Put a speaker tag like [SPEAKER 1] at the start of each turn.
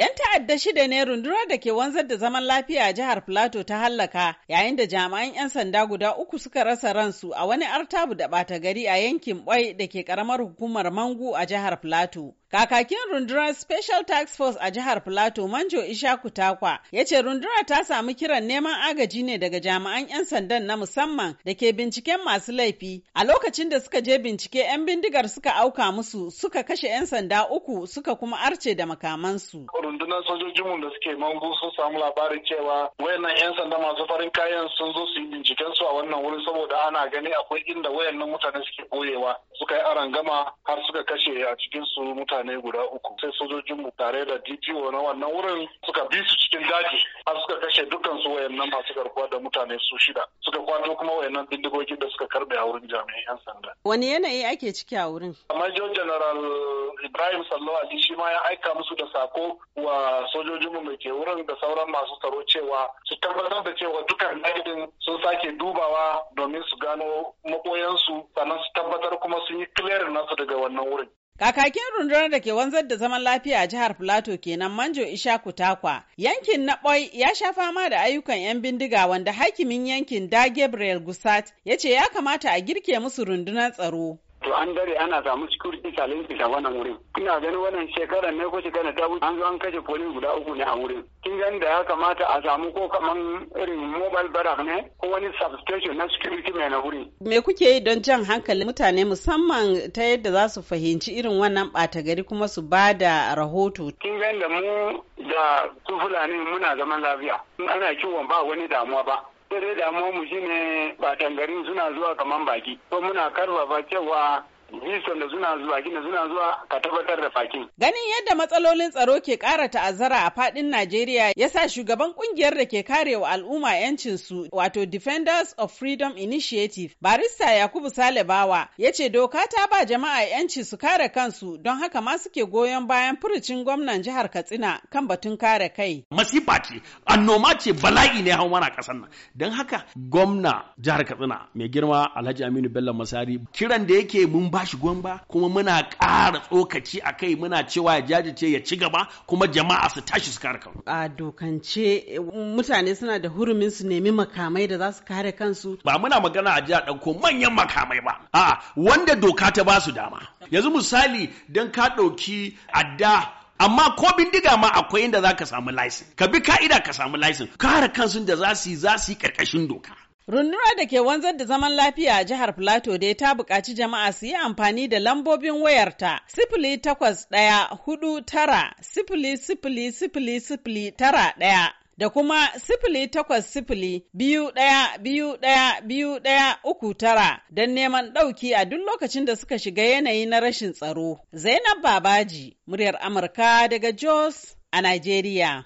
[SPEAKER 1] 'Yan ta'adda shida ne rundunar da ke wanzar da zaman lafiya a jihar Filato ta hallaka yayin da jami'an 'yan sanda guda uku suka rasa ransu a wani artabu da ɓata gari a yankin ɓoi da ke ƙaramar hukumar Mangu a jihar Filato. Kakakin rundunar Special Task Force a jihar Plateau, Manjo Ishaku Takwa ya ce rundunar ta samu kiran neman agaji ne daga jami'an 'yan sandan na musamman da ke binciken masu laifi. A lokacin da suka je bincike 'yan bindigar suka auka musu suka kashe 'yan sanda uku suka kuma arce da makamansu.
[SPEAKER 2] Rundunar sojojinmu da suke mangu sun samu labarin cewa wayannan 'yan sanda masu farin kayan sun zo su yi binciken su a wannan wurin saboda ana gani akwai inda wayannan mutane suke boyewa suka yi arangama har suka kashe a cikin su mutane. mutane guda uku sai sojojin mu tare da DPO na wannan wurin suka bi su cikin daji har suka kashe dukkan su wayannan masu garkuwa da mutane su shida suka kwato kuma wayannan bindigogi da suka karbe a wurin jami'an 'yan sanda.
[SPEAKER 1] Wani yanayi ake ciki a wurin?
[SPEAKER 2] Major General Ibrahim Sallau Ali shi ma ya aika musu da sako wa sojojin mu ke wurin da sauran masu tsaro cewa su tabbatar da cewa dukkan ɗaiɗin sun sake dubawa domin su gano makoyansu sannan su tabbatar kuma sun yi clearing nasu daga wannan wurin.
[SPEAKER 1] Kakakin rundunar da ke wanzar da zaman lafiya a jihar Filato kenan Manjo Ishaku Takwa. Yankin na Boy ya sha fama da ayyukan 'yan bindiga wanda hakimin yankin da Gabriel Gusat ya ce ya kamata a girke musu rundunar tsaro.
[SPEAKER 3] to an dare ana samu security challenges a wannan wurin ina ganin wannan shekarar ne ko shekarar ta wuce an zo an kashe police guda uku ne a wurin kin gan da ya kamata a samu ko kaman irin mobile barrack ne ko wani substation na security mai na wurin
[SPEAKER 1] me kuke yi don jan hankalin mutane musamman ta yadda za su fahimci irin wannan bata gari kuma su ba da rahoto
[SPEAKER 3] kin gan da mu da su fulani muna zaman lafiya ana kiwon ba wani damuwa ba sai damuwa mu shine ba tangarin suna zuwa kaman baki. to muna karfafa cewa Bison da suna zuwa gina suna zuwa ka tabbatar da fakin.
[SPEAKER 1] Ganin yadda matsalolin tsaro ke ƙara ta'azzara a faɗin Najeriya ya sa shugaban ƙungiyar da ke kare wa al'umma 'yancin su, wato Defenders of Freedom Initiative barista Yakubu Salibawa ya ce doka ta ba jama'a 'yanci su kare kansu don haka ma suke goyon bayan furucin gwamnan jihar Katsina kan batun kare kai.
[SPEAKER 4] Masifa ce, annoma ce bala'i ne hau mana ƙasar nan. Don haka gwamna jihar Katsina mai girma Alhaji Aminu Bello Masari kiran da yake mun ba ba shi gwamba kuma muna ƙara tsokaci a kai muna cewa ya jajirce ya ci gaba kuma jama'a su tashi su kare kansu.
[SPEAKER 1] A dokance mutane suna da hurumin su nemi makamai da za su kare kansu. Ba muna magana a jiya ɗauko manyan makamai ba.
[SPEAKER 4] A wanda doka ta ba su dama. Yanzu misali don ka ɗauki adda amma ko bindiga ma akwai inda za ka samu laisin ka bi ka'ida ka samu laisin kare kansu da za su yi za su yi ƙarƙashin
[SPEAKER 1] doka Rundunar da ke wanzar da zaman lafiya a jihar Filato dai ta buƙaci jama'a su yi amfani da lambobin wayarta sifili takwas ɗaya hudu tara sifili sifili sifili sifili tara ɗaya da kuma sifili takwas sifili biyu ɗaya biyu ɗaya biyu ɗaya uku tara don neman ɗauki a duk lokacin da suka shiga yanayi na rashin tsaro. Zainab Babaji, muryar Amurka daga Jos a Najeriya.